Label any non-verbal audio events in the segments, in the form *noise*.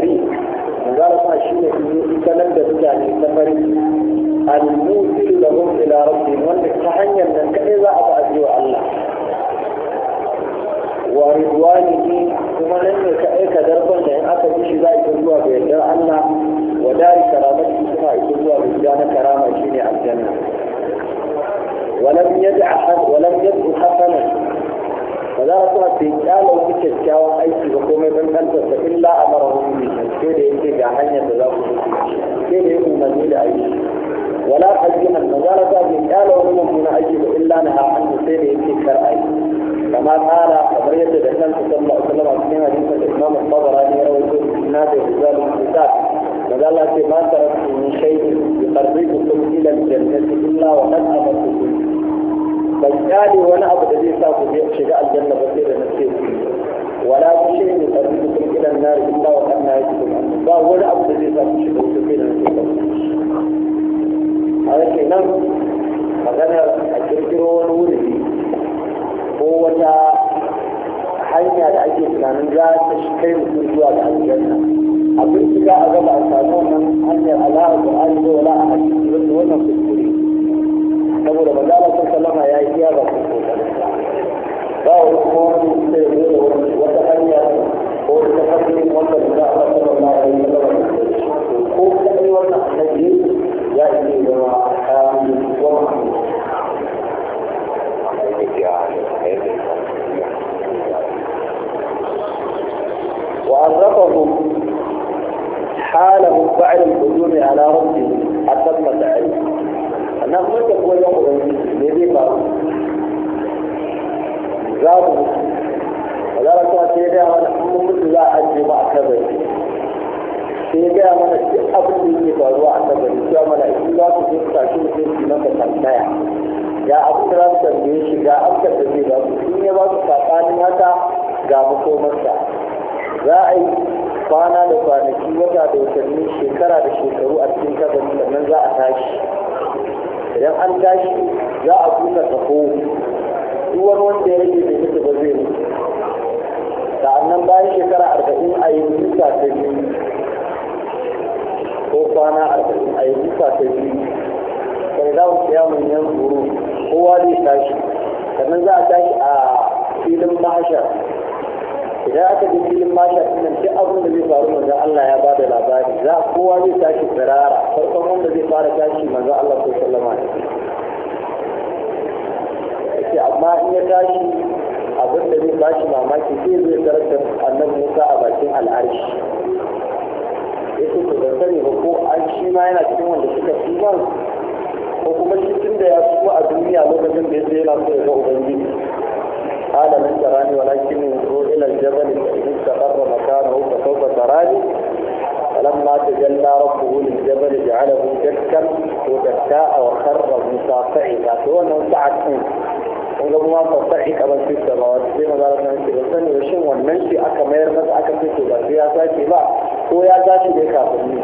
sari za a sa shi ne sanar da mutane safari al da lahum ila rabbihim wanda ta hanyar nan kaɗai za a ba a wa Allah wa ne kuma nan ne ka aika darban da in aka bi shi za a yi zuwa ga yardar Allah wa dari karamati kuma yi zuwa ga gida na karama shine aljanna ولم يدع ولم يدع حسنا za a sa bai kyala wani kyakkyawan aiki ba komai ban kantarsa illa a mara wani sai da yake ga hanyar da za ku sai da ya umarni da aiki wala hajjihan na za a sa bai kyala wani mummuna aiki ba illa na ha'an sai da yake kar aiki كما قال قضية الإسلام صلى الله عليه وسلم عن حديث الإمام الطبراني روى الناس رجال الكتاب وقال الله ما تركت من شيء يقربكم إلى الجنة إلا وقد أمرتكم ban kyale wani abu da zai sa ku shiga aljanna ba sai da na ce ku wala ku shi ne tsarki da kun kiran na rikin ba wa kan na yake ba wani abu da zai sa ku shiga wuta sai da na ce ku a yake nan maganar a kirkiro wani wuri ko wata hanya da ake tunanin za ta kai mutum zuwa ga aljanna a bincika a gaba a samu wannan hanyar ala'a ko alibu wala a hadisi wannan kuskure saboda ba sallama e yi iya ba su ba صحيحة هو أنه ساعة سنة ولو ما صحيح أبن في السماوات في مدارة نانسي بسن وشن والمنشي أكا مير مد أكا في سوبر في أساسي با هو يعزاشي بيكا بني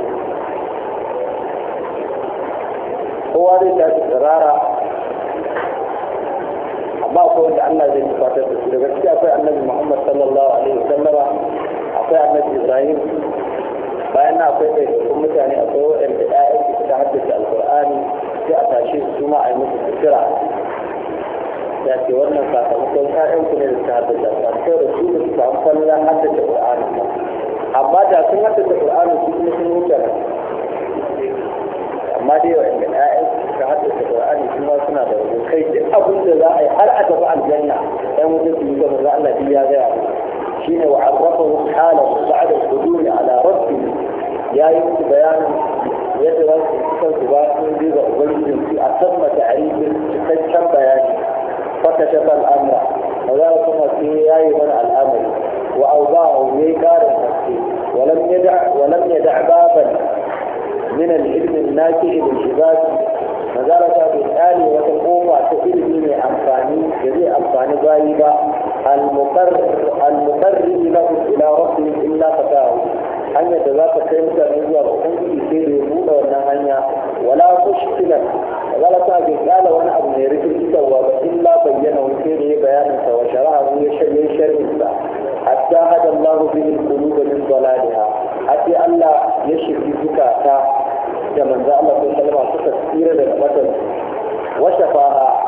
هو هذه ذات القرارة أبا أقول لأن هذه الفتاة بسيطة أقول أن محمد صلى الله عليه وسلم أقول أن إبراهيم فأنا أقول لكم مثلا أقول أن الآية تتحدث القرآن sai a tashe su ma a yi musu sutura da ke wannan sakamakon ƴaƴan ku ne da ta haddasa ba sai da su da su samu kwallon haddasa ƙur'ani amma da sun haddasa ƙur'ani su kuma sun wuce nan amma dai wa'anda ƴaƴan suka haddasa ƙur'ani su ma suna da rabo kai duk abin da za a yi har a tafi aljanna ɗan wajen su yi gama za Allah ya gaya shine wa arrafahu halahu ba'da al su ala rabbih ya yi su bayanin kansu ba sun je ga ubangijin su a san mata'arifin cikakken bayani faka shafa al'amura ba za su masu ya yi mana al'amari wa auzahu ya yi karin haske walam ya da baban min al'ilmin naki ilin shibati mazara ta bai tsari wata kofa ta ilimi mai amfani da zai amfani bayi ba al-muqarribi lahu ila rabbihim illa fatahu hanyar da za ka kai mutane zuwa ga ubangiji sai da ya buɗe wannan hanya ولا مشكلة ولا تاجر قال وانا ابن يريد انت وابا الا بينه كيري بيانا وشرعه من شيء شريف حتى هدى الله به القلوب من ضلالها حتى الا يشرك زكاه كما ان الله صلى الله عليه وسلم تسيرا للمثل وشفاها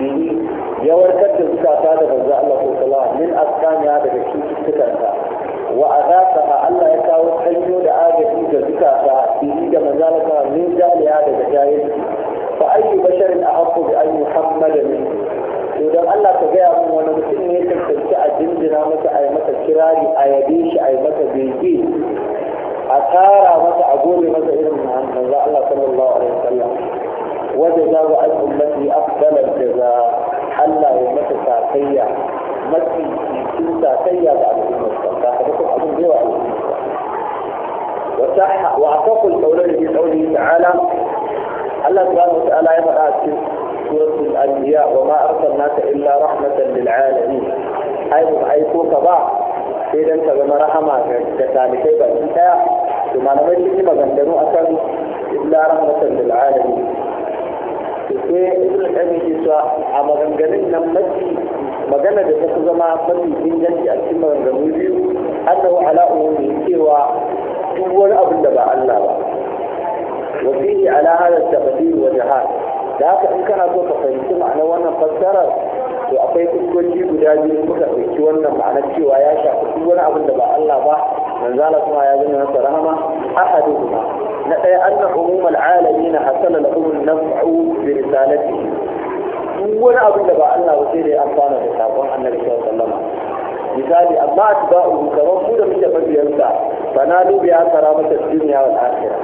به يوركت بك اتا كما ان الله صلى الله عليه وسلم من اركان هذا الشيء في تسكتها وأذاقها الا يكاو الحيو لآجة إذا ذكاها تريد مزالك من لهذا الجاهل فأي بشر أحق بان محمد منه إذا الله تجاه من ونمسين يتم تلك الجنزنا متى أي متى كراري أي بيش أي متى بيجي أثار متى أقول متى إلم عن الله صلى الله عليه وسلم وجزاء أمتي أفضل الجزاء حلى أمتي ساقية متى تنسى سيئة على أمتي ساقية فأخذكم أبو جوا وصح وأعتقد قوله في قوله تعالى الله سبحانه وتعالى يقرأ سورة الأنبياء وما أرسلناك إلا رحمة للعالمين أي أيكوك بعض إذا أنت بما رحمة كتالكي أنت ثم أنا كما يجب مغندنو إلا رحمة للعالمين sai ibn qayyim ke cewa a maganganun nan mafi magana da ta zama mafi inganci دول أبن دبع الله وفيه على هذا التقدير وجهات لكن إن كان سوف فهمت معنى وانا فسرت وأقوي كل شيء بداجي المتحدث وانا معنى شيء وياشا وانا أبن دبع الله ذلك ما يا ذنب نصرهما أحدهما نأي أن عموم العالمين حصل لهم النفع برسالته وانا أبو لبا الله وسيري أنفانا بسابه النبي صلى الله عليه وسلم misali amma a kamar su da muke mabiyansa ba na lubi ya mata duniya wal lahira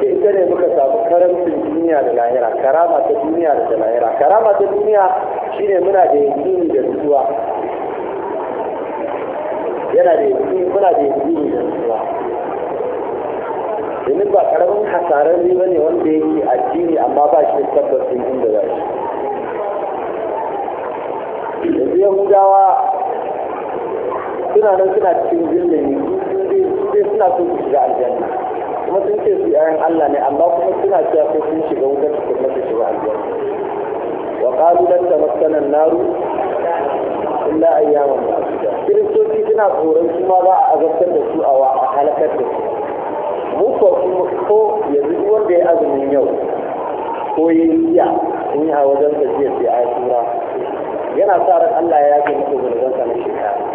sai ita ne muka samu karamcin duniya da lahira karama ta duniya da lahira karama ta duniya shine muna da yakini da nutsuwa yana da yakini muna da yakini da nutsuwa domin ba karamin hasarar riba ne wanda yake addini amma ba shi da tabbacin inda za shi yanzu yahudawa suna nan suna cikin ne, sai suna so su shiga aljanna kuma sun ce su yayan Allah ne amma kuma suna cewa sai sun shiga wutar su kuma su shiga aljanna wa qalu lan tamassana an-naru illa ayyaman ma'duda kiristoci suna tsoron su ma za a azabtar da su a halakar da su mu ko ko yanzu duk wanda ya azumin yau ko ya yi ya in yi a wajen tafiya sai a tura yana sa ran Allah ya yi masa gurbin sa na shekara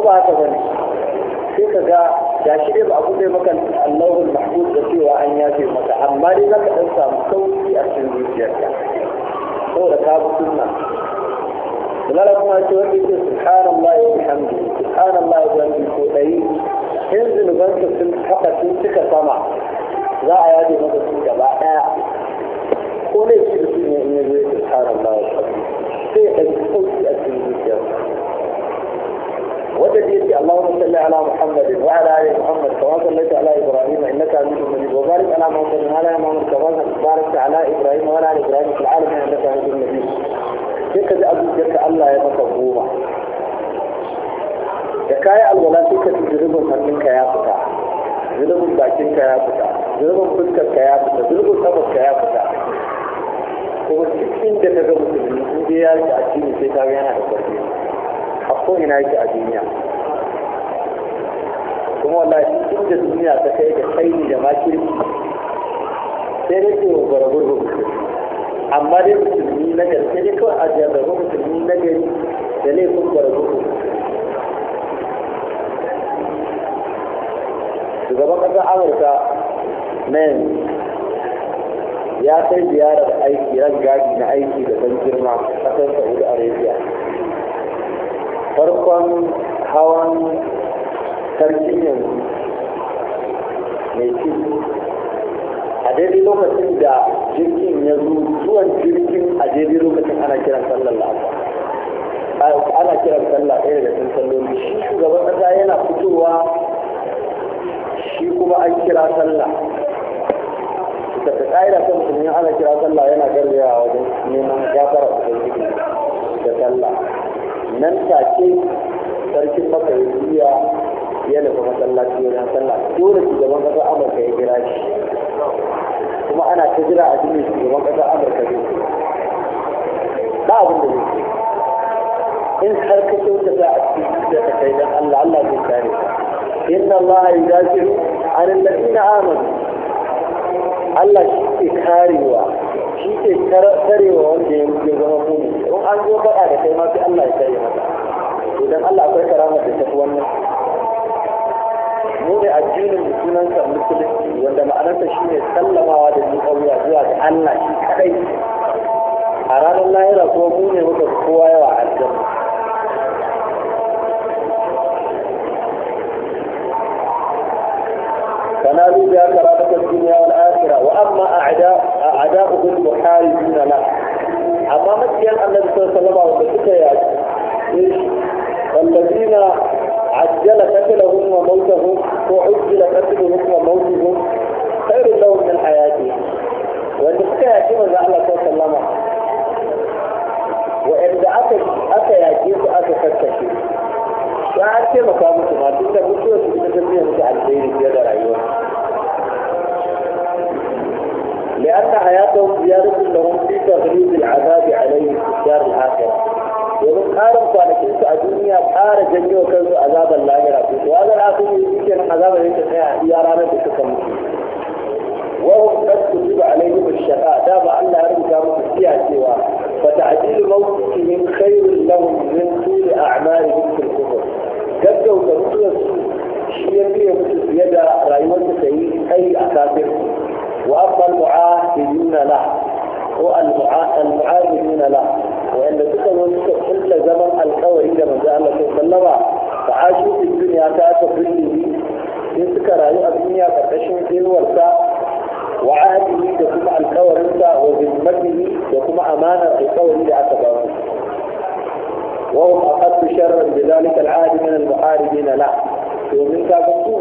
ko ba haka bane sai ka ga da shi dai ba abu zai maka allahul mahmud da cewa an yafe maka amma dai za ka dan samu sauki a cikin zuciyarka saboda ka bi sunna Bilal kuma ce wanda yake subhanallah wa bihamdihi subhanallah wa bihamdihi ko dai in zunubanka sun kafa sun cika sama za a yaje maka su gaba daya ko ne shi da su ne in yazo subhanallah wa bihamdihi sai ya ɗauki sauki وتدير اللهم صل على محمد وعلى آل محمد كما صليت على إبراهيم إنك حميد مجيد وبارك على محمد وعلى آل محمد كما باركت على إبراهيم وعلى آل إبراهيم في العالم إنك حميد مجيد كيف تأبد جرك الله يا مصبوبة يكاية الولاة كيف تجرب منك يا فتاة جرب باكينك يا فتاة جرب فتك يا فتاة جرب سبك يا فتاة هو سكين جنة مسلمين يا جاكين سيتاوي أنا أكبر ko ina yake a duniya kuma wallahi duk da duniya ta kai da kaini da makirki sai dai ke wa gwargwargo amma dai musulmi na gari sai dai kawai a jarraba musulmi na gari da laifin gwargwargo shugaban ƙasar amurka na ya kai ziyarar aiki ran gaji na aiki da ban girma ƙasar saudi arabia farkon hawan sarkin yanzu mai ci a daidai lokacin da jirgin ya zo zuwan jirgin a daidai lokacin ana kiran sallar lafa ana kiran sallah ɗaya daga cikin salloli shi shugaban ƙasa yana fitowa shi kuma an kira sallah da ta ƙa'ida kan musulmi ana kira sallah yana garbiya wajen neman gafara nan take sarkin maka ya biya ya nufi masallaci wajen sallah dole shugaban ƙasar amurka ya kira shi kuma ana ta jira a jini shugaban ƙasar amurka zai ba abin da zai in har ka kyauta za a cikin da ka kai don allah allah zai kare inna allah ya dace an lalina amanu allah shi ke karewa shi ke karewa wanda ya zama mu in an zo faɗa da kai ma sai allah ya kare dan Allah akwai karama da tafi wannan mu ne addinin da sunansa musulunci wanda ma'anarsa shine ne sallamawa da zuwa zuwa ga Allah shi kadai a ranar lahira ko mu ne muka kowa kafafu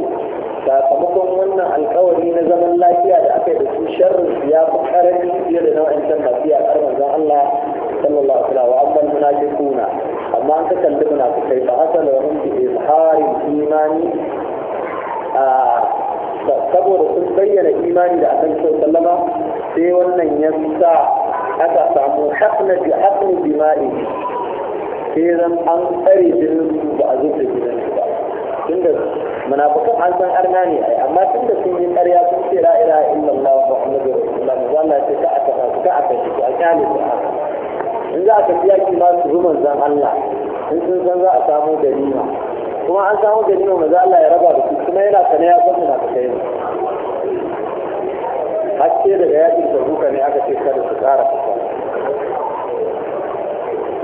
sakamakon wannan alkawari na zaman lafiya da aka yi da su sharrin ya fi karami fiye da nau'in can masu yaƙar manzon Allah sallallahu alaihi wa amma munafiquna amma an ka kalli munafikai fa hasan wa hum bi izhari imani saboda sun bayyana imani da akan sallama sai wannan ya sa aka samu hafna bi hafni bima'i sai zan an tsare jinin ba a zuba jinin ba tunda munafikan an san arna ne amma tun da sun yi ƙarya sun ce la ilaha illallah muhammadur rasulullah manzon Allah ce ka aka su ka aka shi a kyale su haka in za a tafi ki ma su zuman zan Allah in sun san za a samu ganima kuma an samu ganima manzo Allah ya raba da su kuma yana sane ya san kai ne haske daga yakin tabuka ne aka ce kada su ƙara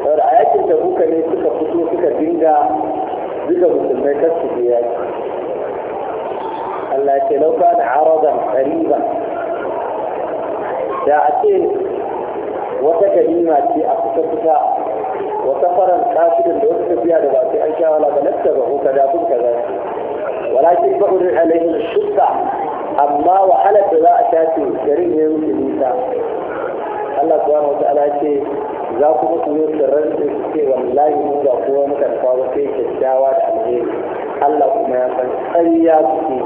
fita saboda a yakin buka ne suka fito suka dinga duka musulmai kasu da yaki لكن لو كان عرضا قريبا ساعتين وتكلمة في أخصفها وسفرا قاسد لأخذ بيانه في أشياء ولا بنكتبه تدافل كذلك ولكن بقر عليه الشدة أما وحالة لا أساسي كريم يوم الإنسان الله سبحانه وتعالى يقول ذاكم سمير الرجل في والله يمود أقوامك الفاضحي كالشاوات عليه الله سبحانه وتعالى أياتي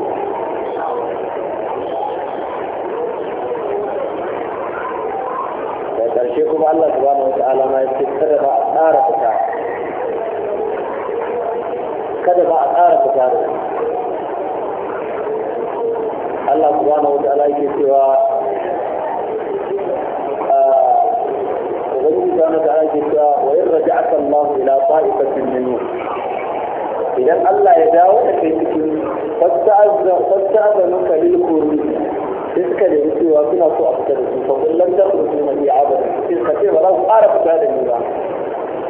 karshe kuma Allah subhanahu wa ta'ala ma yace kada ba a tsara fita kada ba a tsara fita Allah subhanahu wa ta'ala yake cewa ubangiji subhanahu wa ta'ala yake cewa wa in raja'aka Allah ila ta'ifatin minhum idan Allah ya dawo da kai cikin fasta'azza fasta'azza nuka lil qurun sai da nemi suna so a fita da su fa kullum ta kuma abada sai ce ba za ku ƙara fita da ni ba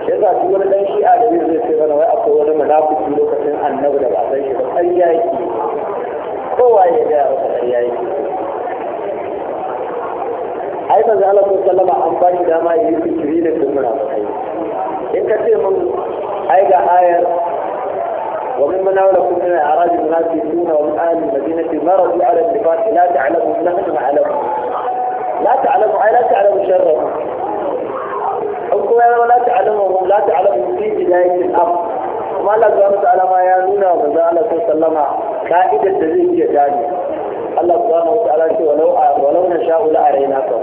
ya sa wani dan shi'a da zai zai ce mana wai akwai wani munafiki lokacin annabi da ba shi ba ƙarya yake kowa ya gaya masa ƙarya yake ai manzo Allah sallama an ba shi dama yayi fikiri da kuma munafikai in ka ce mun ai ga ayar وممن حولكم من الاعراب المنافقون ومن اهل المدينه مرضوا على النفاق لا تعلموا نحن نعلمهم لا تعلموا لا تعلموا شرهم حكمنا لا تعلمهم لا تعلموا في بداية الأمر وما لا زالت على ما يانونا وما الله صلى الله عليه وسلم قائدة تزيد جداني الله سبحانه وتعالى ولو ولو نشاء لأريناكم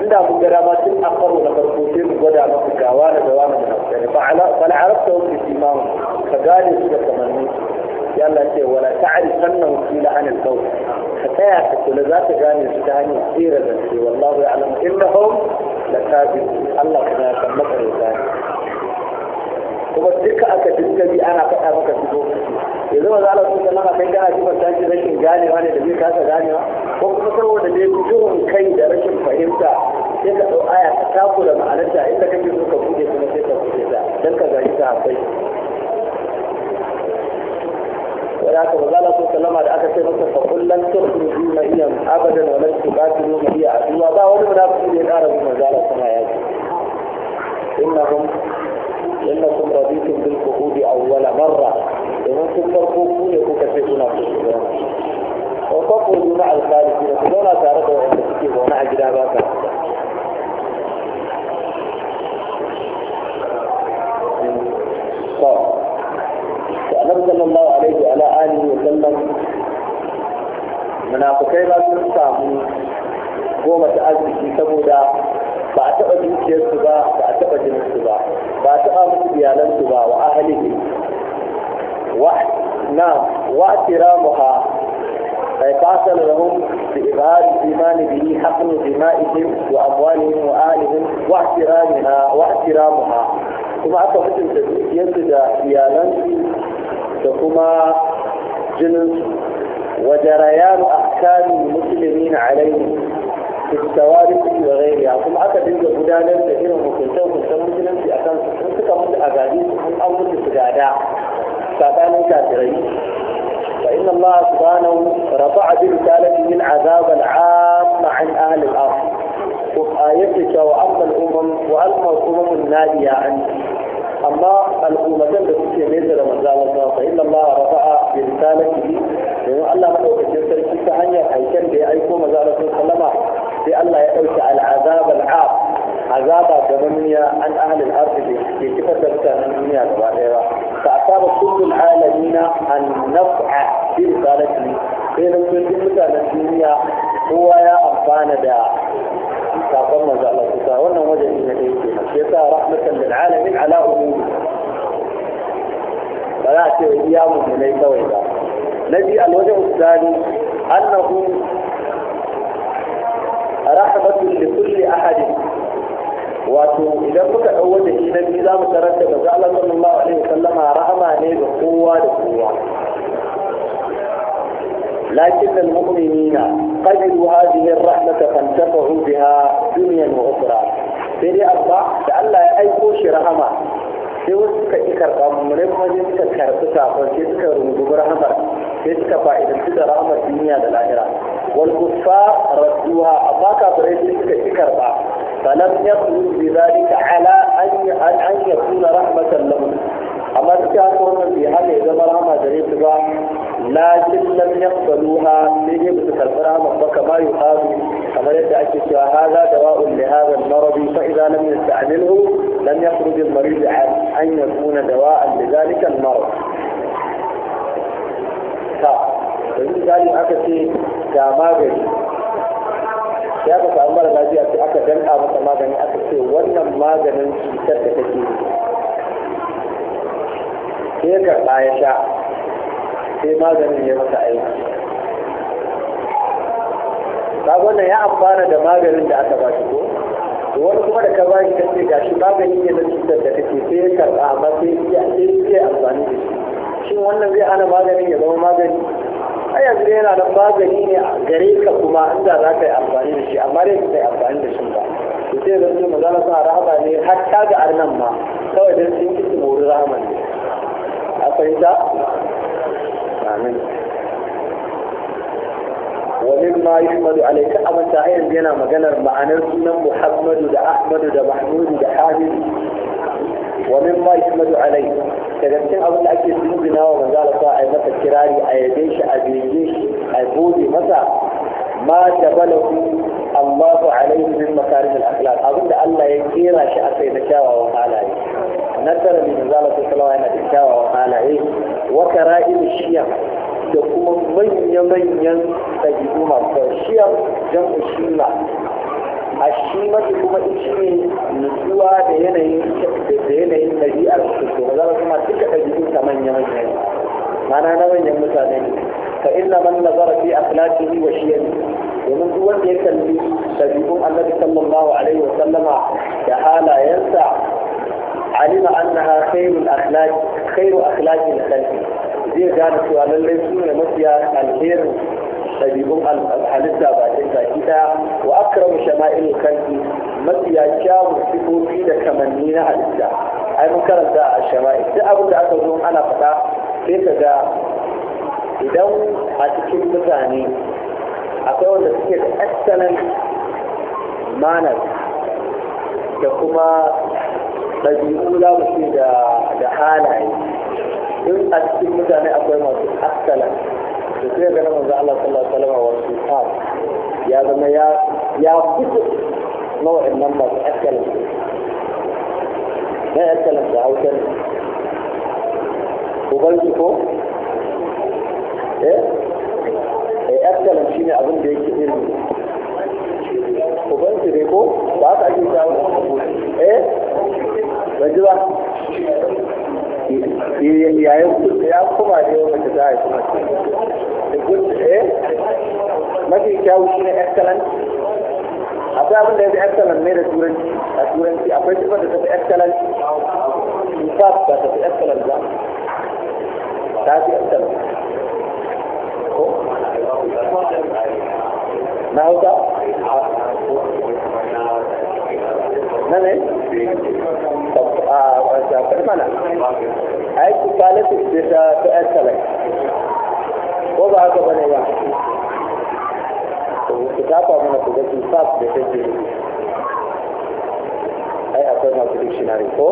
عندها ابو جرامات اقروا لبرقوتين وقد عمقوا كاوانا دوانا من الخير فعلا فانا عرفتهم في سيماهم فقال يسوك تمنيت يلا انت ولا تعرف انه قيل عن الكون حتى يعتقد لذات كان يستعني كثيرا ذاتي والله يعلم انهم لكاذب الله كما يسمى الانسان وبدك اكدت لي انا فاهمك في دوكي اذا ما زالت تقول لك انا كان اجيب الثاني لكن جاني وانا دبي كذا جاني وكنت اقول لك جون كيد رشم فهمتها sai ka ɗau aya ka taku da ma'anarta inda kake so ka buɗe kuma sai ka buɗe ta don ka gaji ta haƙai wanda aka maza da sallama da aka ce masa fa kullum ta kudu na iya abadan wa nan ba su nuna iya aduwa ba wani munafiki da ya ƙara bin maza da sama ya ce innahum innakum raditum bil qudi awwala marra domin kun farko ku ne kuka ce kuna so ku zauna wa faqulu ma al-khalifina ku zauna tare da wanda suke zaune a gida ba ka صلى الله عليه وعلى آله وسلم munafukai ba samu goma ta arziki saboda ba a taɓa dukiyarsu ba ba a taɓa jininsu ba ba a taɓa musu iyalansu ba wa ahalihi na wa tiramuha ay fasal lahum bi ibhar imani bihi haqqan dima'ihim wa kuma aka mutunta dukiyarsu da وكما جنس وجريان أحكام المسلمين عليه في التوارث وغيرها ثم أكد إن الغدالة لأنه ممكن سوف تكون جنس في أحكام المسلمين في كمسة أغاديس من أول السجادة سابان كافرين فإن الله سبحانه رفع برسالة من عذاب العام عن أهل الأرض وآيتك وأما الأمم وألقى الأمم النادية عنه أما الأمة التي ليس لمزالة فإن الله رفع برسالته لأنه الله مدعو بجسر كيف هنيا حيثاً بأيكو مزالة سلمة في الله يأوش على العذاب العاب عذاب جمنية عن أهل الأرض في كيف تبتع الدنيا الوائرة فأصاب كل العالمين أن نفع برسالته في نفس الدنيا هو يا أبانا تعظمنا ذا الله تساولنا وجد إنا إيدينا رحمة للعالمين على أمور فلاك إيام من إيدا وإيدا نجي الوجه الثاني أنه رحمة لكل أحد وإذا إذا كنت أول إيدا إذا مترتب ذا الله صلى الله عليه وسلم رحمة لي بقوة لقوة لكن المؤمنين قبلوا هذه الرحمة فانتفعوا بها دنيا وأخرى سيدي أربع لألا أي كوش رحمة sai wasu suka ƙi karɓa mummunai kuma sai suka karɓi sakon sai suka rungubi rahamar sai suka fa'idanci da rahamar duniya da lahira wal kufa radduha amma kafirai sai suka ƙi karɓa falam yaqulu bi dhalika ala an an yakuna rahmatan amma ya zama rahama da su lakin lam yaqbaluha sai dai bisa karɓar rahmar ba kama yuqalu kamar yadda ake cewa hada dawa'un li hadha al-marad fa idza lam yasta'milhu lam yakhruj al-marid an an yakuna dawa'an li dhalika al-marad ta yanzu zali aka ce ga magani ya ka samu mara lafiya sai aka danka masa magani aka ce wannan maganin cutar da kake sai karɓa ya sha sai maganin ya masa aiki kagonan ya amfana da maganin da aka ba shi ko wani kuma da ka ba shi kace ga shi magani ne na cutar da kake sai ya karɓa amma sai ya sai amfani da shi shin wannan zai ana maganin ya zama magani ai yanzu yana da magani ne a gare ka kuma inda za ka yi amfani da shi amma dai ka amfani da shi ba to sai da su maza na sa raba ne hatta ga arnan ma kawai dan sun kisi mori rahama ne a fahimta آمين ومما يحمد عليك أما تعين بينا ما قنر معنى سنة محمد دا أحمد دا محمود دا حامد ومما يحمد عليك كذلك أولا أكيد بنوبنا ومزال صاحي مسا كراري أيديش أبيديش أبودي مسا ما تبلغ الله عليه من مكارم الأخلاق أقول الله يكيرا شأسي نشاوى وقالا يكيرا نزل من نزالة صلى الله عليه وسلم وقال عيه وكرائم الشيع يقوم مني مني تجدون فالشيع جمع الشيمة الشيمة يقوم إشمي نسوى دينين شكت دينين تجي أرسل وقال ما تلك تجدون ثمانية مني معنى نوين يمتع دينين فإلا من نظر في أخلاقه وشيعه ومن هو يسلم تجدون النبي صلى الله عليه وسلم يحالى ينسى علم أنها خير الأخلاق خير أخلاق الخلق دي جان سؤال اللي سنة مسيا الخير تجيب الحلسة باتنسا كتا وأكرم شمائل الخلق مسيا شاو سفو فيد كمنين حلسة أي مكرم دا الشمائل دا أبو دا أتظن أنا فتا كيف دا إدو أتكيب مساني أتوى دا سكيب أسلا مانا دا كما ɗabi'u za mu ce da halaye in a cikin mutane akwai masu asala da sai ga na manzo Allah sallallahu alaihi wasallam wa sufan ya zama ya ya fito na nan masu asala na asala da hausa ne uban su ko eh eh asala shine abin da yake irin uban su ne ko ba ka ake samu eh gaji ba yayin ya kuma ne wata ta haifi mace eh mafi kyawu shi ne excellent akwai abin da ya fi excellent ne da turanci a turanci akwai shi da tafi excellent in fact ba ta excellent ba ta fi excellent ko na hausa na ne shafar mana a yi politics ce ta ta excellence ko ba haka bane ba ku tafa mana ku ga kifaf da take ai akwai masu dictionary ko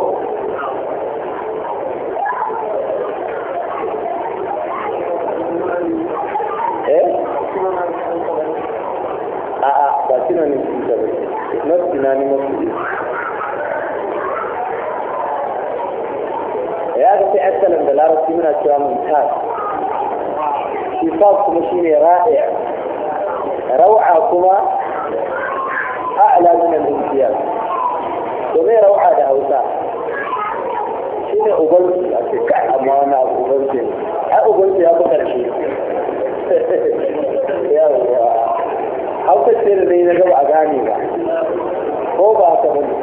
domin rau'a da hausa shi ne ubanci a ce kai amma wani abu ubanci ai ubanci ya fi ƙarshe *laughs* yawwa hausa ce da dai na gaba a gane ba ko ba haka bane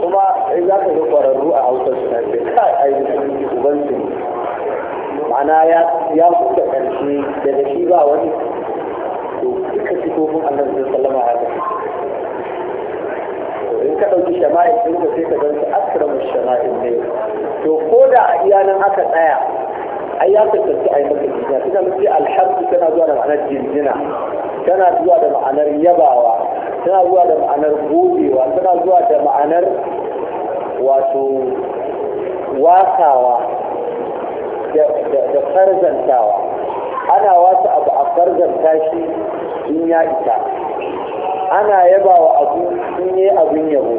kuma za ka ga ƙwararru a hausa suna ce kai ai ubanci ma'ana ya kuka ƙarshe daga shi ba wani to duka sifofin annabi salama. ka ɗauki shama'in ɗin ka sai ka gan su akramu shama'il ne to ko da a iya nan aka tsaya ai ya kasance a yi maka jinjina tana nufi alhamdu tana zuwa da ma'anar jinjina tana zuwa da ma'anar yabawa tana zuwa da ma'anar gobewa tana zuwa da ma'anar wato wasawa da farzantawa ana wasu abu a farzanta shi in ya isa ana yaba wa abu sun yi abin yabo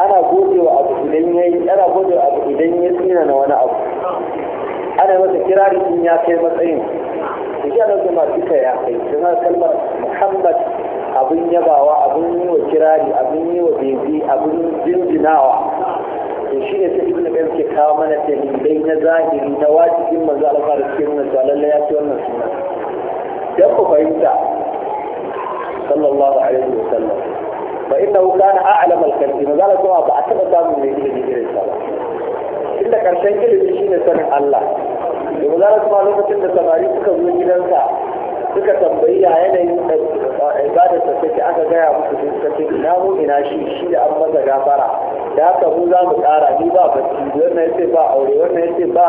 ana gode wa abu idan ya yi ana gode wa abu idan ya tsina na wani abu ana yi masa kirari in ya kai matsayin su shi ana zama duka ya kai su na kalmar muhammad abin yabawa abin yi wa kirari abin yi wa bezi abin jinjinawa to shi ne sai ibn qayyim ke kawo mana dalilai na zahiri na wajibin manzo Allah da cikin wannan ya ce wannan suna dan ku fahimta صلى الله عليه وسلم فإنه كان أعلم الكلمة ماذا سوى بعثنا دام من إلى جيل السلام إلا كرشين كل بشين سنة الله لماذا سوى لما تند سماري تكبر جنسا suka tambayi a yanayin ibadarsa take aka gaya musu sun kace ina mu ina an masa gafara da haka za mu tsara ni ba bacci wannan yace ba aure wannan yace ba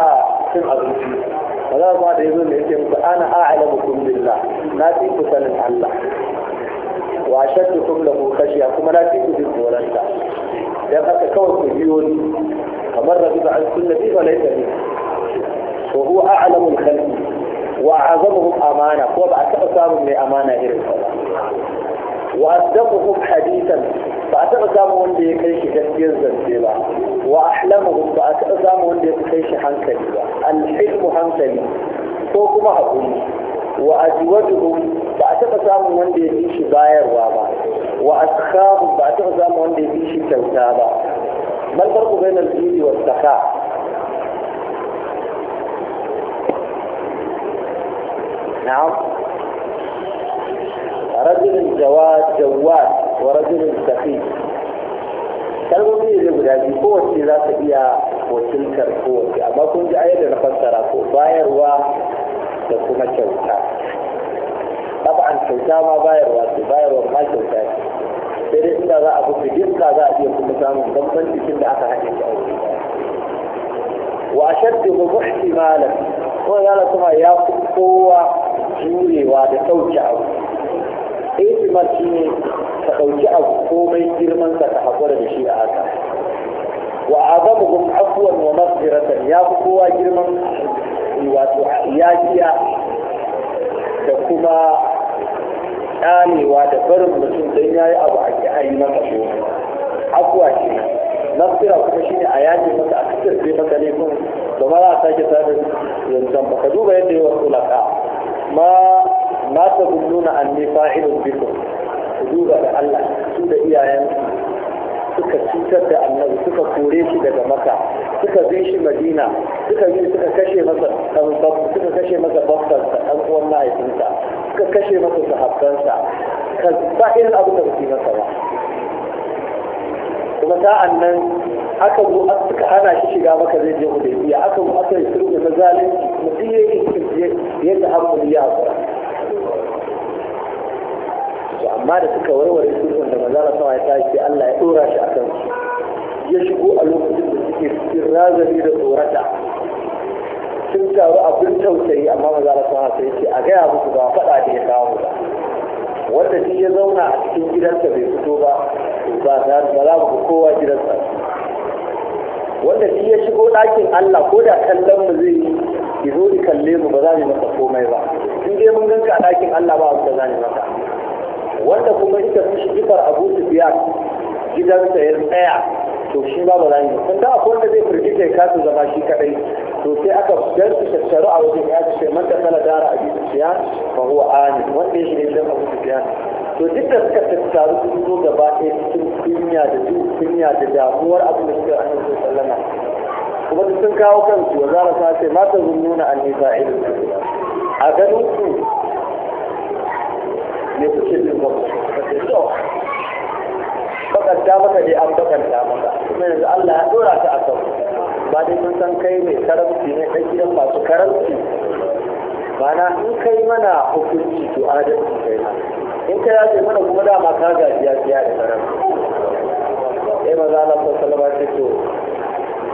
cin abinci ba za ma da yazo ne na fi ku sanin Allah وأشدكم له خشيه كما لا تجد في الورثه لان قد تكون ديون فمر بها عن كل نبي وليس به وهو اعلم الخلق واعظمهم امانه هو بعد اسامه من امانه غير واصدقهم حديثا فاتبع سامه من يكيش كثير زنزيلا واحلمهم فاتبع سامه من يكيش حنكلي الحلم حنكلي فوق معهم اقول ba a taɓa samun wanda ya fi shi bayarwa ba wa ashabu ba a taɓa samun wanda ya fi shi kyauta ba bal farko bainal birri was safa na'am رجل جواد جواد ورجل سخي kalmomi ne da guda biyu kowace za ta iya wakiltar kowace amma kun ji ayyar da na fassara ko bayarwa da kuma kyauta an kyauta ma bayarwa ce bayarwa ma kyauta ce sai dai inda za a fi girka za a iya kuma samun gamban cikin da aka haɗe shi a wuri wa a shaddu ba buhti malam ko ya la kuma ya fi kowa jurewa da sauki abu ma shi ne ka ɗauki abu komai girman ka haƙura da shi a haka wa azamuhum afwan wa maghfiratan ya fi kowa girman wato yajiya da kuma kalewa da barin mutum don ya yi abu ake ke ayi masa ko afuwa ke nasira kuma shine a yaji masa a kasar sai masa ne kun da ma za a sake samun zancen ba ka duba yadda yawan kulaka ma ma ta gulluna an ne fa'ilun biku ku duba da Allah su da iyayen suka cutar da annabi suka kore shi daga maka suka bi shi madina suka bi suka kashe masa suka kashe masa baktarsa ɗan uwan mahaifinsa suka kashe masa sahabbansa ka ba irin abin da su masa ba kuma sa'an nan aka zo suka hana shi shiga maka zai je hudaybiya aka zo aka yi sulhu na zalunci mutum ya yi yadda hankali ya hakura amma da suka warware sulhun da manzala sama ya tashi Allah ya dora shi akan su ya shigo a lokacin da suke cikin razali da tsorata sun taru abin tausayi amma maza a sama sai ce a gaya musu ba faɗa da ya kawo ba wanda shi ya zauna a cikin gidansa bai fito ba ba za mu kowa gidansa wanda shi ya shigo ɗakin Allah ko da kallon mu zai yi ki zo ki kalle mu ba za ni masa komai ba in dai mun ganka a ɗakin Allah ba abin da za ni masa wanda kuma ita fi shigifar Abu Sufyan gidansa ya tsaya to shi ba ba za ba kun da akwai wanda zai firgita ya kasa zama shi kadai to sai aka darsu tattaru a wajen ya ce man da kala dara a gidan siyan fa huwa amin wanda ya shiga gidan abu siyan to duk da suka tattaru sun zo gaba ɗaya cikin kunya da duk kunya da damuwar abin da suka annabi sallallahu sallama kuma duk sun kawo kansu wa zara ta ce ma ta zunnuna an nisa irin a ganin ku ne kuke jin gwamnati bakanta maka dai an bakanta maka kuma yanzu Allah ya dora ta a Ba dai mun san kai mai karamci ne ɗan gidan masu karamci Ba na in kai mana hukunci to adalci kai in kai ya ce mana kuma dama ka gajiya biya da karamci sai maza Allah ta salama ce to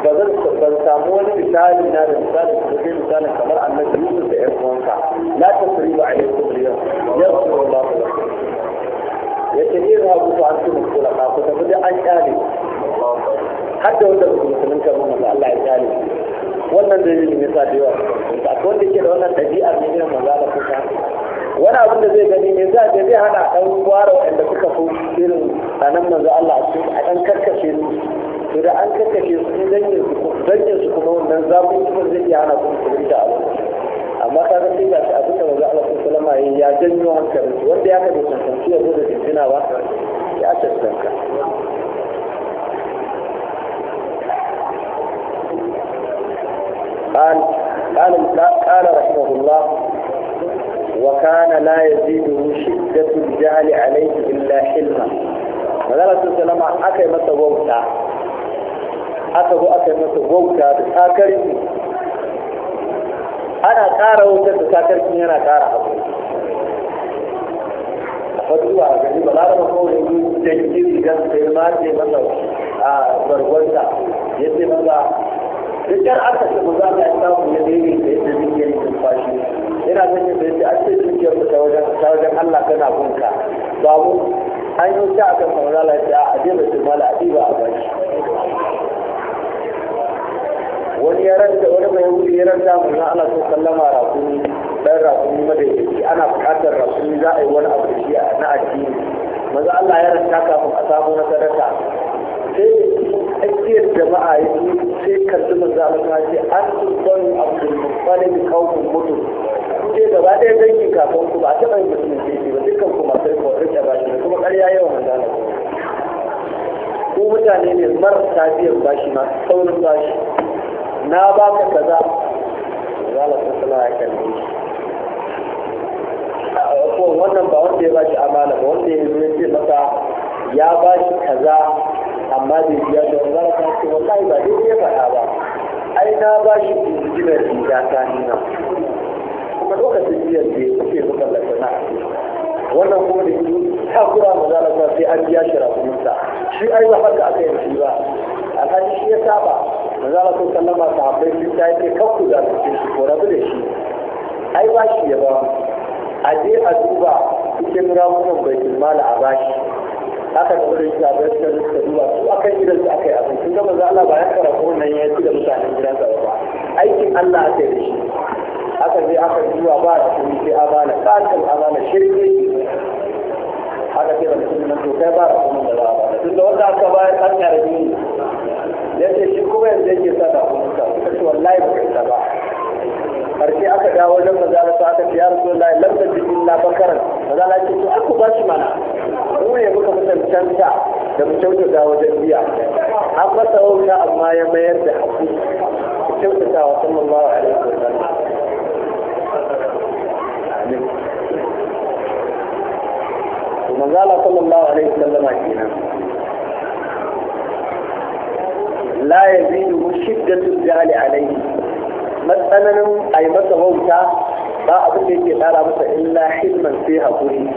ba zan ban samu wani misali na da misali da zai misali kamar annabi Yusuf da ƴan uwansa la tasriba alaikum al-yawm yaghfiru su lakum rabu to an tuna kula ka ku ba da an kyale har da wanda ba musulun ka mun Allah ya tsare wannan da yin yasa da yawa ta ko wanda ke da wannan dabi'a ne irin manzo Allah ko ta wani abin da zai gani ne za ga zai hana ɗan gwara wanda suka fi irin sanan manzo Allah su a dan karkashe su to da an karkashe su ne dangin su ko dangin su kuma wannan zafi kuma zai iya hana su musulun da abu amma ta ga sai ga shi abin da manzo Allah sallama ya janyo hankalin wanda ya kaje tantance ya zo da jinjina ba ya tantance قال قال قال رحمه الله وكان لا يزيده شدة الجهل عليه إلا حلما magana sun salama aka yi masa wauta da takarki ana ƙara wautar da yana ƙara haku a faduwa a gani ba lara mako da yi don ya rikyar aka ce mu za mu yi samun ya daidai da yadda dukiyar numfashi yana nufin da yadda an ce dukiyar mu ta wajen ta wajen Allah tana gunka ba mu an yi wuta akan saura lafiya a je bai tumala a ɗiba a bashi wani ya ranta wani mai wuri ya ranta mu na ana so sallama rakumi dan rakumi madaidaici ana buƙatar rakumi za a yi wani abu da shi na addini maza Allah ya ranta kafin a samu nasarar sadaka tafiyar jama'a ya yi sai kalli manzo Allah ce an tsuban abdul muttalib kaumun mutu ce ba ɗaya dangin kafin ku ba a taɓa yin mutumin kirki ba dukkan kuma sai rikon rikon ba shi kuma ƙarya yawan manzo Allah ku mutane ne marasa biyan bashi ma saurin bashi na ba ka kaza manzo Allah sallallahu alaihi wasallam wannan ba wanda ya ba shi amana ba wanda ya zo ce masa ya ba shi kaza amma bai biya da wanzara ta ce wallahi ba dai ya faɗa ba ai na ba shi jinar riga ta nuna kuma lokacin biyar da ya kuke zuka lakana wannan kuma da yi kura manzara ta sai an biya shi rafinsa shi ai ba haka aka yi shi ba alhaji shi ya saba manzara ta sallama sahabbai shi ta yi ke kanku da su shi ko rabu da shi ai ba shi ya ba a je a duba cikin ramunan bai kimala a bashi haka da wurin shabar da suka duba su akan gidan su aka yi abin sun gama Allah ba ya kara wannan ya ci da mutanen gidansa ba aikin Allah aka yi da shi aka je aka zuwa ba da kuma sai amana katin amana shirki haka ce ba da mutum nan to kai ba da kuma da za a ba tun da wanda aka bayar an ne ya ce shi kuma yanzu yake sa da kuma ka ce wallahi ba ka ba karshe aka dawo wajen mazala ta aka ce ya rasu Allah lam da jikin na bakaran mazala ce to aku ba shi mana mu ne muka mutuntanta da mu kyautata wajen biya an masa wauta amma ya mayar da haku ku kyautata wa sallallahu alaihi wa sallam amin manzala sallallahu alaihi wa sallama kenan لا يزيد شدة الجهل عليه تمن أي متغوطة لا أقول لك قال أبوك إلا حلما فيها قولي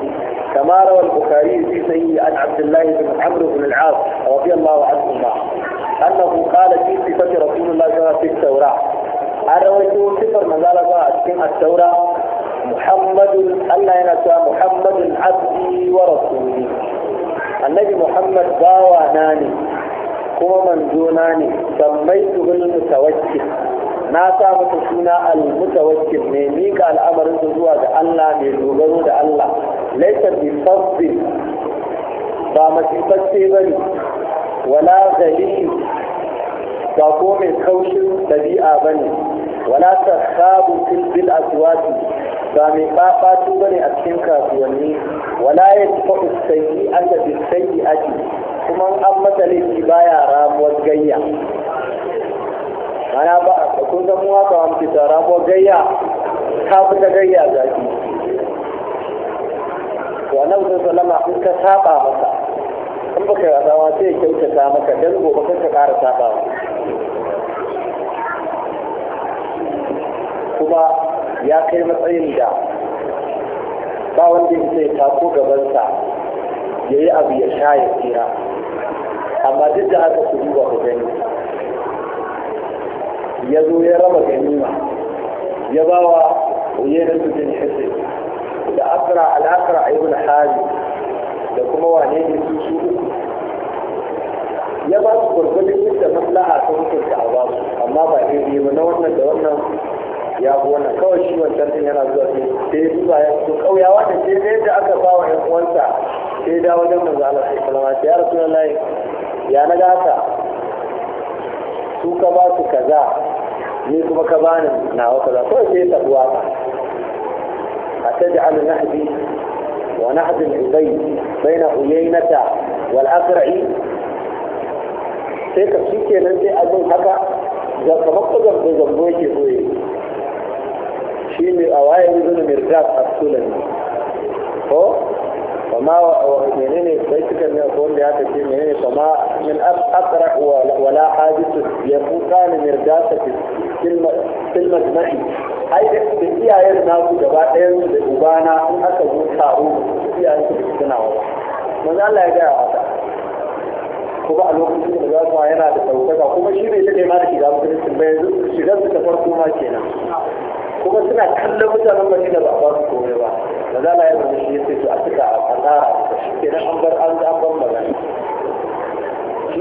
كما روى البخاري في سيد عبد الله بن عمرو بن العاص رضي الله عنهما أنه قال في صفة رسول الله في التوراة أرويت سفر من قال في التوراة محمد الله ينسى محمد عبدي ورسولي النبي محمد باواناني كما من دوناني سميته المتوكل na sa mata suna al-mutawakkil ne mika al'amarin su zuwa ga Allah mai dogaro da Allah laysa bi fasbi ba masifacce bane wala ghali ba ko mai kaushin dabi'a bane wala tasabu fil bil aswati ba mai babatu bane a cikin kasuwanni wala ya tafi yadfa'u da bis sayyi'ati kuma an masa laifi baya ramuwar gayya mana ba a kun san mu wa wani fitara ko gayya ta fi ta gayya Wa to annabi sallallahu alaihi in ka saba masa in baka yi asawa sai ya kyautata maka dan gobe kanka kara saba kuma ya kai matsayin da ba wanda ya sai tako gabansa ya yi abu ya sha ya tsira amma duk da haka su duba ku gani ya zo ya raba ganima ya ba wa uyayen bin hisri da asra al'asra ibn hali da kuma wane ne su su ya ba su gwargwadon yadda maslaha ta hukunta a ba su amma ba ne ba na wannan da wannan ya fi wannan kawai shi wancan din yana zuwa sai sai ba ya kawai ya wata sai da yadda aka ba wa ƴan uwansa sai da wajen manzo Allah sai kalama sai ya rasulullahi ya na haka su ka ba su kaza ni kuma ka bani wata kaza kawai sai ta uwa ka أتجعل نهدي bai na بين عيينة والأقرع sai ka shi ke nan sai abin haka da kamar kudar da zambo ke koyi shi ne a waye ne zuna mirdas a sulan ko kama wa menene bai suka ne ko wanda ya tafi menene kama من أقرأ ولا حادث يفوتان مرداسة في المجمع ai da iyayen nasu gaba ɗayan su da ubana in aka zo taro iyayen su da suna wa manzo Allah ya gaya haka kuma a lokacin da za su yana da ɗaukaka kuma shi bai take ma da shiga musulunci ba yanzu shigar su ta farko ma kenan kuma suna kallon mutanen Madina ba a ba su komai ba manzo Allah ya zama shi ya ce to a cika a tsara shi kenan an bar an bar magana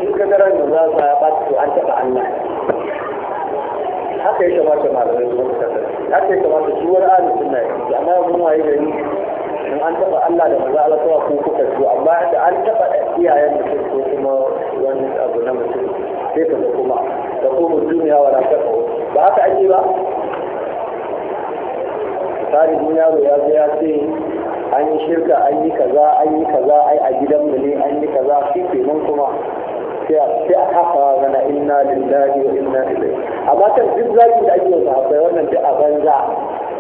in ka garan da za su ya ɓata to an taɓa Allah haka ya kamata malamai su wata kasar haka ya kamata shi wani ahalin sunna ya ce amma mun waye gari in an taɓa Allah da maza Allah ko kuka so amma da an taɓa iyayen mutum ko kuma wani abu na mutum sai ka kuma da kuma duniya wa na taɓa ba haka ake ba misali mun yaro ya zo ya ce an yi shirka an yi kaza an yi kaza ai a gidan mu ne an yi kaza shi kenan kuma sai a hafa mana inna lillahi wa inna ilaihi amma kan duk zaki da ake yasa akwai wannan duk a banza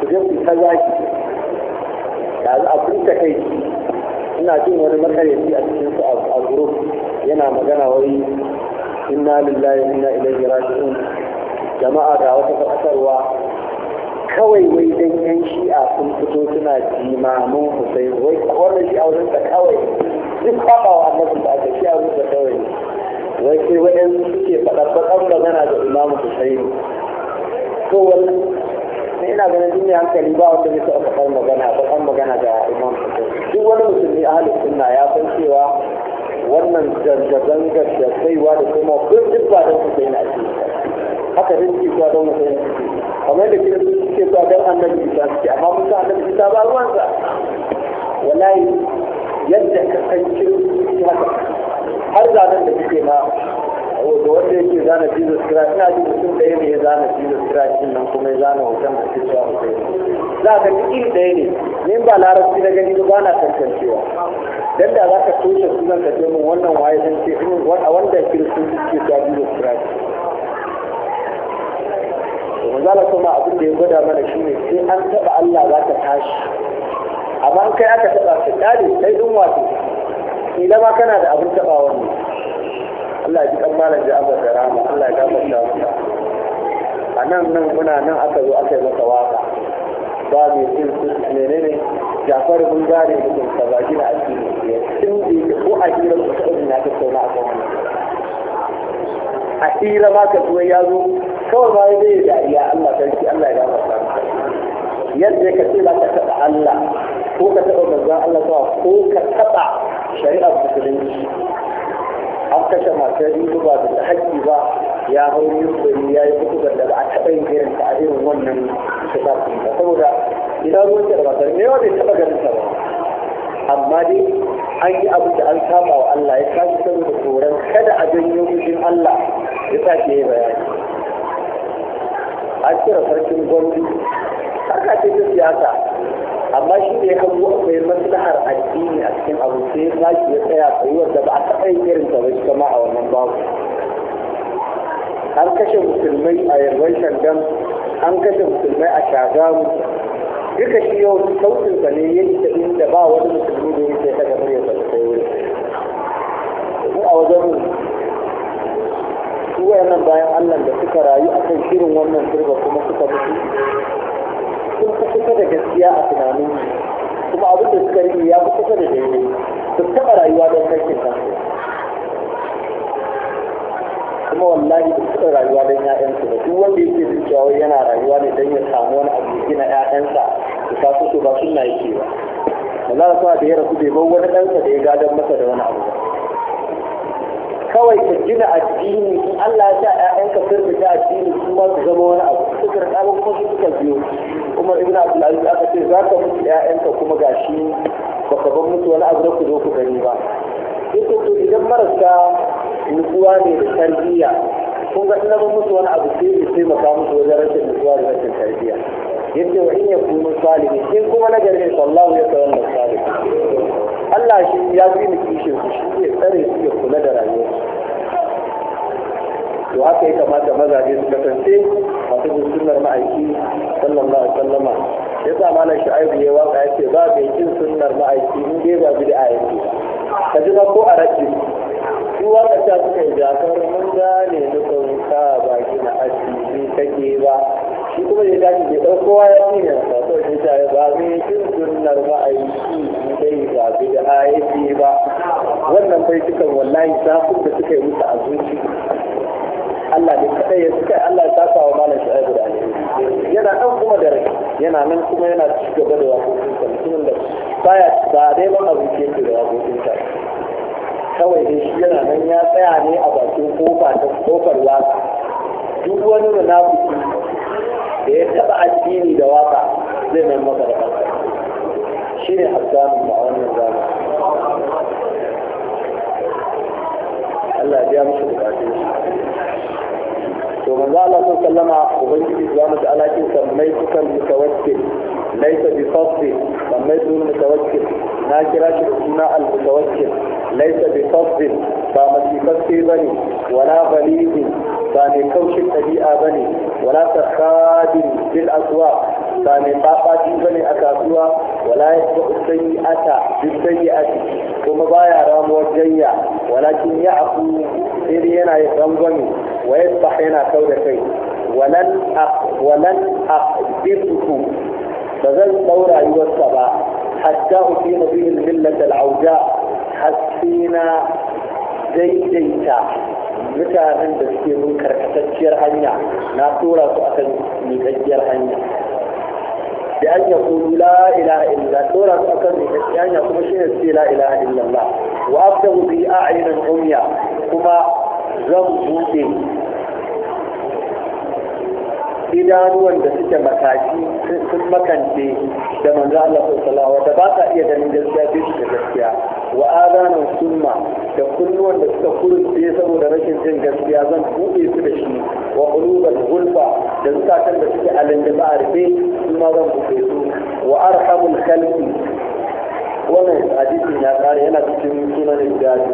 su je su ta zaki yanzu a ta kai ina jin wani makaryaci a cikin su a group yana magana wai inna lillahi wa inna ilaihi raji'un jama'a ga wata fadakarwa kawai wai dan yan shi'a sun fito suna jimamin Hussein wai wannan shi a wurin ta kawai duk kwaɓawa annabi da aka shi a wurin ta kawai wai sai waɗansu suke faɗa baƙar magana da imamu ne ko wani ne ina ganin duniya hankali ba wanda zai taɓa faɗar magana baƙar magana da imamu sai duk wani musulmi halin sunna ya san cewa wannan zanga-zangar da kaiwa da kuma duk ba don husaini na cikin haka duk ke kuwa don husaini kamar da kiristoci suke kuwa don annabi isa suke amma musa annabi isa ba ruwansa wallahi yadda ka san haka har zanen da suke ma da oh, wanda yake zana jesus christ ina ji mutum ɗaya ne ya zana jesus christ nan kuma ya zana hoton da suke cewa hoton za ka ga iri ɗaya ne ni ba larabci na gani ba na tantancewa dan da za ka toshe sunan ka domin wannan waye zan ce hm, a wanda kiristoci suke cewa jesus christ manzala kuma abin da ya gwada mana shi ne, sai an taɓa Allah za ka tashi amma kai aka taɓa ka Ɗari sai ɗin wato kila ma kana da abin taɓa wani Allah ya ji kan malam da Allah da rahama Allah ya gafarta masa a nan nan muna nan aka zo aka yi masa waka ba mai cin ne. jafar mun gane mutum ka ba gina a cikin tun da ko a hira ko ta ina ta sauna a kan a ƙira ma ka tuwai ya zo kawai ba zai yi dariya Allah sarki Allah ya gafarta yadda ka ce ba ka taɓa Allah ko ka taɓa manzon Allah ko ka taɓa shari'ar musulunci an kashe matar yi zuba da haƙƙi ba ya hau yunkuri ya yi hukubar da ba a taɓa yin irin ta a irin wannan shafafin ba saboda idan ruwan da ba ne wa bai taɓa ganin ta ba amma dai an yi abu da an saba wa Allah ya tashi saboda tsoron kada a janyo mutum Allah ya sake yi bayani an kira sarkin gwamnati haka ce ta siyasa amma shi da ya hango akwai maslahar addini a cikin abu sai ya tashi ya tsaya tsayuwar da ba a taɓa yin irin ta ba shi kama a wannan babu an kashe musulmai a yarwar shandam an kashe musulmai a shagamu duka shi yau sautinsa ne ya isa inda ba wani musulmi da yake ta gamar ya sauka sai wuri mu a wajen su wayannan bayan allah da suka rayu akan shirin wannan turba kuma suka mutu sun fi kusa da gaskiya a tunanin kuma abin da suka riƙe ya fi kusa da daidai su taɓa rayuwa don sarkin kansu kuma wallahi da suka rayuwa don ‘ya'yansu ba duk wanda yake zuciya yana rayuwa ne don ya samu wani abu gina ‘ya'yansa da ta so ba suna yake ba Allah sa da ya rasu bai bau wani ɗansa da ya gadon masa da wani abu kawai ka gina addini in Allah ya sa ‘ya'yanka sun fita addini su ma su zama wani abu suka rika ba kuma su suka biyo umar ibn abdulaziz aka ce za ka mutu 'ya'yanka kuma gashi ba ka bar mutu wani abu da ku zo ku gani ba yake to idan marasa nutsuwa ne da tarbiyya kun ga ina bar mutu wani abu sai su taimaka musu wajen rashin nutsuwa da rashin tarbiyya yace wa in yakunu salihin in kuma na nagari ne sallahu ya da salihin Allah shi ya fi ni kishin su shi zai tsare su ya kula da rayuwarsu to haka ya kamata mazaje su kasance masu bin sunnar ma'aiki sallallahu alaihi wasallam ya sa malam shu'aibu ya waka yace ba bai kin sunnar ma'aiki in dai ba bid'a yake ka ji ko a rajji su waka ta suka yi jakar mun gane da ka ba kina aji kake ba shi kuma ya dace bai ɗau kowa ya fi ne ba to shi ta ba mai kin sunnar ma'aiki dai ba bid'a yake ba wannan bai cikin wallahi zafin da suka yi musu a zuci Allah ne kadai ya suka Allah ya saka wa malam Shu'aibu da yana nan kuma da rai yana nan kuma yana ci gaba da wakokin sa mutumin da baya ba dai ba abu ke da wakokin sa kawai dai shi yana nan ya tsaya ne a bakin kofa ta kofar waka duk wani munafiki da ya taba addini da waka zai mai maka da kansa shi ne hassanin a wannan zamani Allah ya biya musu bukatun shi ومن قال الله صلى الله عليه وسلم يا مسألة سميتك المتوكل ليس بصفي سميته المتوكل ما كراش اسماء المتوكل ليس بصفي فما في بني ولا غليظ ثاني كوش تبيع بني ولا تخاد الاسواق ثاني بابا في بني أكاسوا ولا يسبق السيئة بالسيئة ثم بايا رام ولكن يعفو إلينا يخرمني ويصبح هنا ثورتين ولن أق ولن أقدره فذل ثورة أيها السبع حتى أقيم به الملة العوجاء حسينا زي زيتا متى من بسكي منكر كتجير عنا ناطورة أخذ مكجير عنا بأن يقول لا إله إلا الله ثورة أخذ مكجير هنيا لا إله إلا الله وأبدأ أعين عميا كما zan buɗe idanuwan da suke mataki sun makance da manzo Allah sallallahu alaihi ba sa iya ganin gaskiya bi su da gaskiya wa adanan sunna da kunnuwan da suka kurce saboda rashin jin gaskiya zan buɗe su da shi wa qulubal ghulfa da zukatan da suke alinda ba a su ma zan buɗe su wa arhamul khalqi wannan hadisi na kare yana cikin sunan ibadi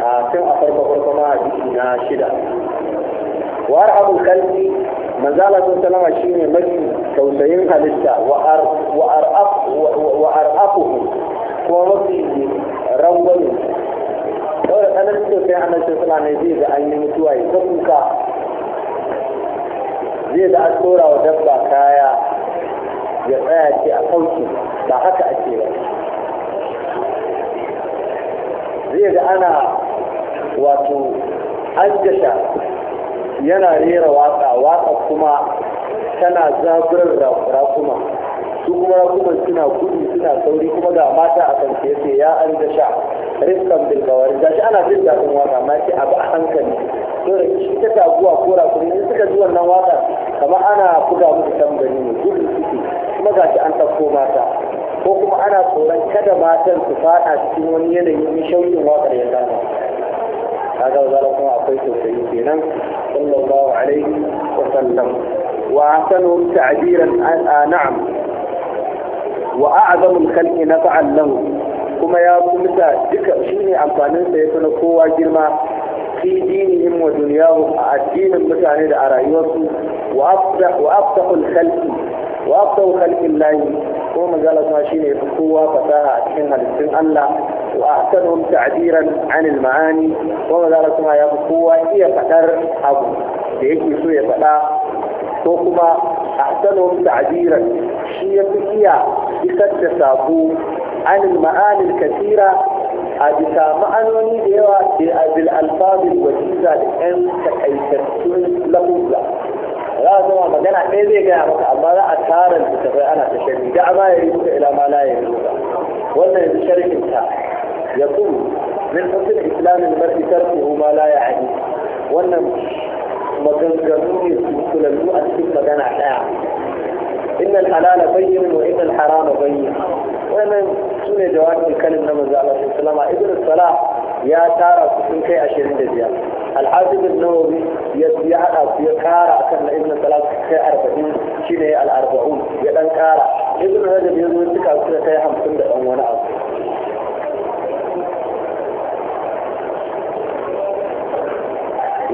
a a farko farko ma hadisi na shida war abu kalbi manzala sun salama ne mafi tausayin halitta wa ar'afuhu kuma mafi rangwani saboda tsananin tausayin annabi salama ne zai ga an yi mutuwa ya kuka zai da an tsora wa dabba kaya ya tsaya ce a sauki ba haka ake ba zai ga ana wato jasha yana rera waka waka kuma tana zaburar rakuma su kuma rakuma suna gudu suna sauri kuma ga mata a kan sai ya anjasha rifkan bilkawar da shi ana jin daɗin waka ma ce a hankali to da shi ta taguwa ko rakuma in suka ji wannan waka kama ana buga musu tambari ne gudu suke kuma ga shi an tafko mata ko kuma ana tsoron kada matan su fada cikin wani yanayi na shauƙin waƙar ya kama هذا ذلك ما أعطيته سيدنا صلى الله عليه وسلم وأحسنه تعبيرا آه، آه، نعم وأعظم الخلق نفعا له كما يقول متى تلك شيني أم فانين سيكون قوة جرمة في دينهم ودنياهم الدين المتعني لأرائيوته وأفضح وأفضح الخلق وأفضح خلق الله كما قال ما شيني قوة فتاها أتحينها للسن الله وأحسنهم تعبيرا عن المعاني ومدارسها يبقوا هي قدر أبو بيكي سوية فتا وكما أحسنهم تعبيرا هي فكية بكت عن المعاني الكثيرة هذه معنوني ديوا بالألفاظ الوجيزة لأن تكيفتون لبوبلا لا زوا مجانا انا جاء أما لا أتارا بتفعل أنا تشري يريد إلى ما لا يريد ولا يشارك sharikin يقول من حسن إسلام المرء تركه ما لا يعني وأن maganganu ne su kulallu a cikin magana إن الحلال بين وإن الحرام بين وأنا سنة جواب الكلمة من الله عليه وسلم ابن الصلاة يا تارا سكن كي أشرين دجيا الحاسب النووي يدعي في كارا كان ابن الصلاة كي أربعين شنه الأربعون يدعي كارا ابن هذا يزوي سكا سنة كي حمسن دقون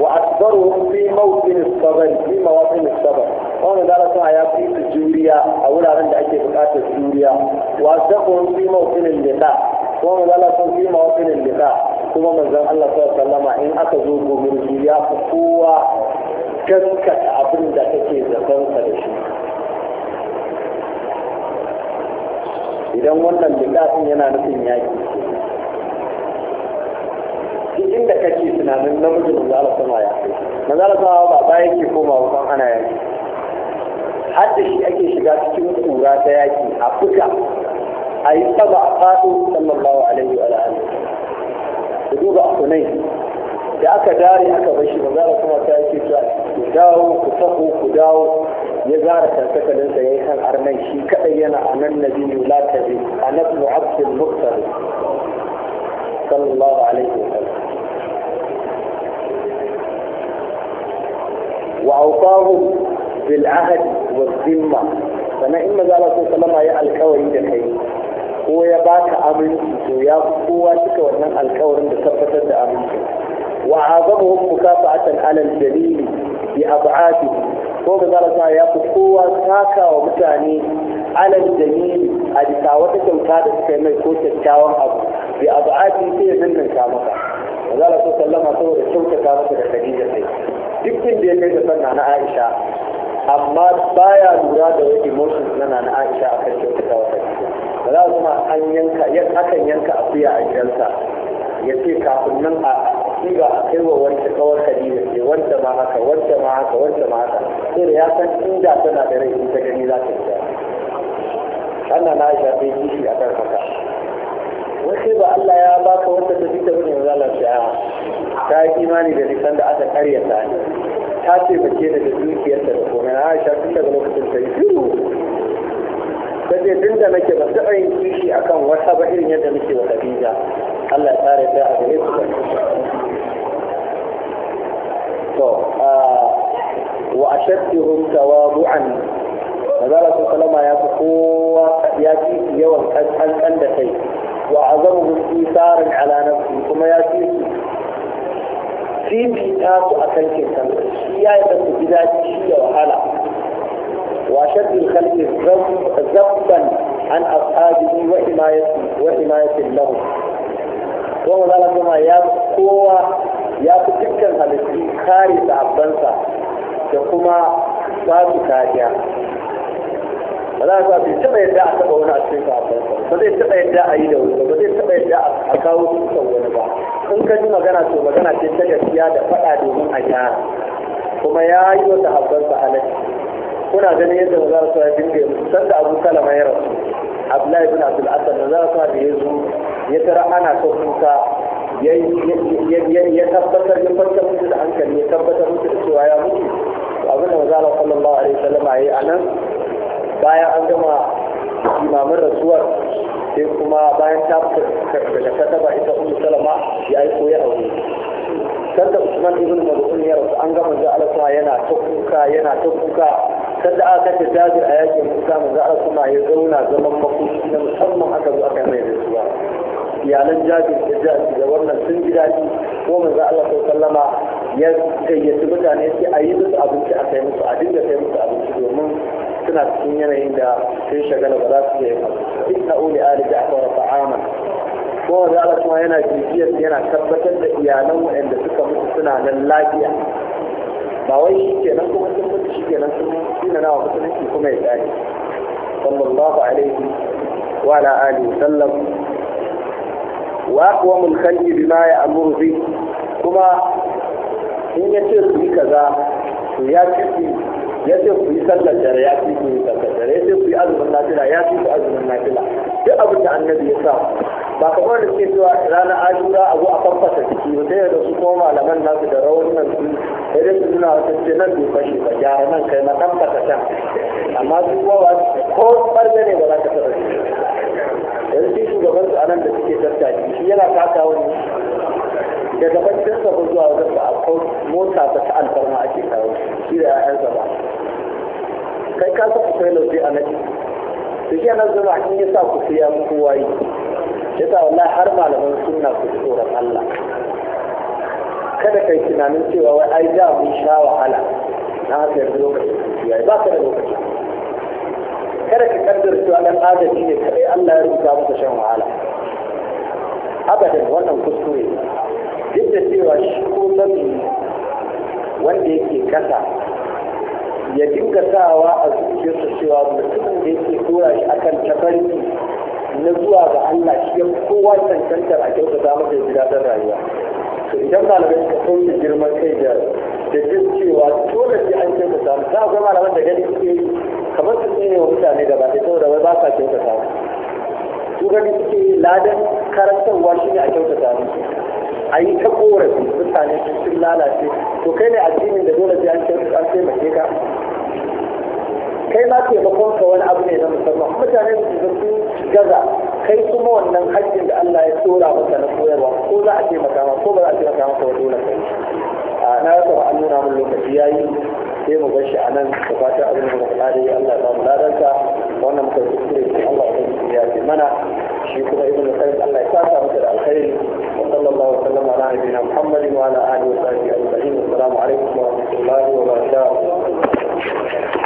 واكبرهم في موطن الصبر في مواطن الصبر وانا دارس حياتي في الجورية اولا عند اكي بقات الجورية واصدقهم في موطن اللقاء وانا دارس في مواطن اللقاء kuma manzon Allah sallallahu in aka zo gobirji ya fi kowa gaskata abin kake zaton da shi idan wannan bid'atin yana nufin yaki cikin da kake tunanin namijin manzo Allah sama ya kai manzo Allah sama ba ba yake koma wutan ana yaki har da shi ake shiga cikin kura ta yaki a fuka a yi saba a faɗo sallallahu alaihi wa alihi ku duba a kunai da aka dare aka bar shi manzo Allah sama ta yake cewa ku dawo ku tafi ku dawo ya zara tantakalinsa ya yi kan arnai shi kadai yana a nan na biyu latari a nasu abdul muktar sallallahu alaihi wa وأوصاهم بالعهد والذمة فما إما قال الله صلى الله عليه وسلم الكوري جنحي هو يباك أمن يا قوة تكون أن الكوري بسبتة أمن وعظمهم مكافعة على الجليل بأبعاده هو قال الله يا قوة كاكا ومتاني على الجليل هذه تعوتك وكادت كما يكون تتكاوم أبو بأبعاده في من كامتا قال الله صلى الله عليه وسلم شوك كامتا الحديدة dukkan da ya kai da sanna na aisha amma baya lura da wani emotions na na aisha akan kyautata wata ba za kuma an yanka akan yanka akuya a gidansa ya ce kafin nan a siga a kai wa wanda kawar kadira ce wanda ma haka wanda ma haka wanda ma haka sai da ya san inda tana da rai in ta gani za ta ji Allah na aisha shi a kan haka kai ba Allah ya baka wanda ta fita bane yanzu Allah ya ta yi imani da nisan da aka karya ta ne ta ce ba ce daga dukiyarta da komai Aisha tun daga lokacin ta yi shiru ta ce tun da nake ba taɓa yin kishi akan wata ba irin yadda nake wa Khadija Allah ya tsare ta a gare su to wa ashaddihum tawadu'an Manzala sallallahu alaihi ya fi kowa ya fi yawan kankan da kai وعظمه إيثارا على نفسه ثم يأتي في بيتاته أكل كتاب هي تبدأ الشيء وحالة وأشد الخلق ذبا عن أصحابه وحمايته وحماية له وهو ذلك ما يقوى يأتي تلك الخلق كارثة عبنسة يقوم ذات كارثة ba za ka bai taɓa yadda a taɓa wani a cikin sahabban ba zai taɓa yadda a yi da wani ba zai taɓa yadda a kawo dukkan wani ba in ka ji magana to magana ce ta gaskiya da faɗa domin a gyara kuma ya yi wa sahabban sa halaki kuna ganin yadda maza su ya dinga yanzu sanda abu kalama ya rasu abdullahi ibn abdul asad maza su da ya zo ya tara ana son kuka ya tabbatar ya kwantar mutu da hankali ya tabbatar mutu da cewa ya mutu abin da maza sallallahu alaihi wasallam a yi a nan bayan an gama imamin rasuwar sai kuma bayan ta da ba ita umu salama ya yi koya a wuri sanda usman ibn mazun ya rasu an gama za alasuma yana ta kuka yana ta kuka sanda aka kashe jajir a yakin kuka manzo ma ya zauna zaman makoki na musamman aka zo aka mai rasuwa iyalan jabir da jabir da wannan sun ji daɗi ko manzo Allah sallama ya gayyaci mutane sai a yi musu abinci a kai musu a dinga kai musu abinci domin suna cikin yanayin da sun shagala ba za su iya yi duk na uli ali da aka rafa aman ko da Allah kuma yana jijiyar yana tabbatar da iyalan waɗanda suka mutu suna nan lafiya ba wai shi ke nan kuma sun mutu shi ke nan sun na nawa musulunci kuma ya tsari sallallahu alaihi wa ala ali sallam wa aqwamul khalqi bima amuru bi kuma in yace su yi kaza to ya ce ya ce ku yi sallar dare ya fi ku yi sallar dare ya ce ku yi azumin nafila ya fi ku azumin nafila duk abin da annabi ya sa ba kamar da suke cewa ranar ashura a zo a fafasa ciki ba sai da su kuma malaman nasu da nan su sai dai su suna wata ce nan bai fashe ba gyara nan kai na tabbata can amma su kuma ba ko ɓarɓe ne ba za ka taɓa yanzu shi shugaban su a nan da suke tattaki shi yana kaka ne daga bakin sa zuwa wajen ba a mota ta ta alfarma ake kawo shi da 'ya'yansa ba kai ka sa ku sai lauje a nabi to shi nan zama in ya sa ku sai ya muku wayi ya sa wallahi har malaman sunna ku tsoron Allah kada kai tunanin cewa wai ai da mun sha wahala na haka yanzu lokacin ya ba ka da lokaci kada ka kaddara cewa dan adadi ne kai Allah ya rubuta maka shan wahala abadan wannan kuskure duk da cewa shi ko wanda yake kasa ya dinga sawa a zuciyarsa cewa mutumin da yake tura shi akan tafarki na zuwa ga Allah shi ya kowa cancantar a kyautata masa ya ji daɗin rayuwa to idan malamai suka sauke girman kai da da jin cewa dole sai an kyautata mu za a ga malaman da gani suke kamar su tsine wa mutane da ba sai saboda wai ba sa kyautata mu su gani suke ladan karantarwa shi ne a kyautata mu a yi ta korafi mutane sun lalace to kai ne addinin da dole sai an kyautata an taimake ka kai ma taimakon ka wani abu ne na musamman mutane da su gaza kai kuma wannan haƙƙin da Allah ya tsora maka na koyarwa ko za a taimaka ma ko ba za a taimaka maka ba dole kai a na rasa ba an nuna min lokaci yayi sai mu bar a nan da fata abin da muka kare Allah ya mu ladanka wannan muka kuskure Allah ya yi mana shi kuma ibnu qayyim Allah ya saka masa da alkhairi wa sallallahu alaihi wa sallam ala nabiyyina Muhammad wa ala alihi wa sahbihi ajma'in assalamu alaikum wa rahmatullahi wa barakatuh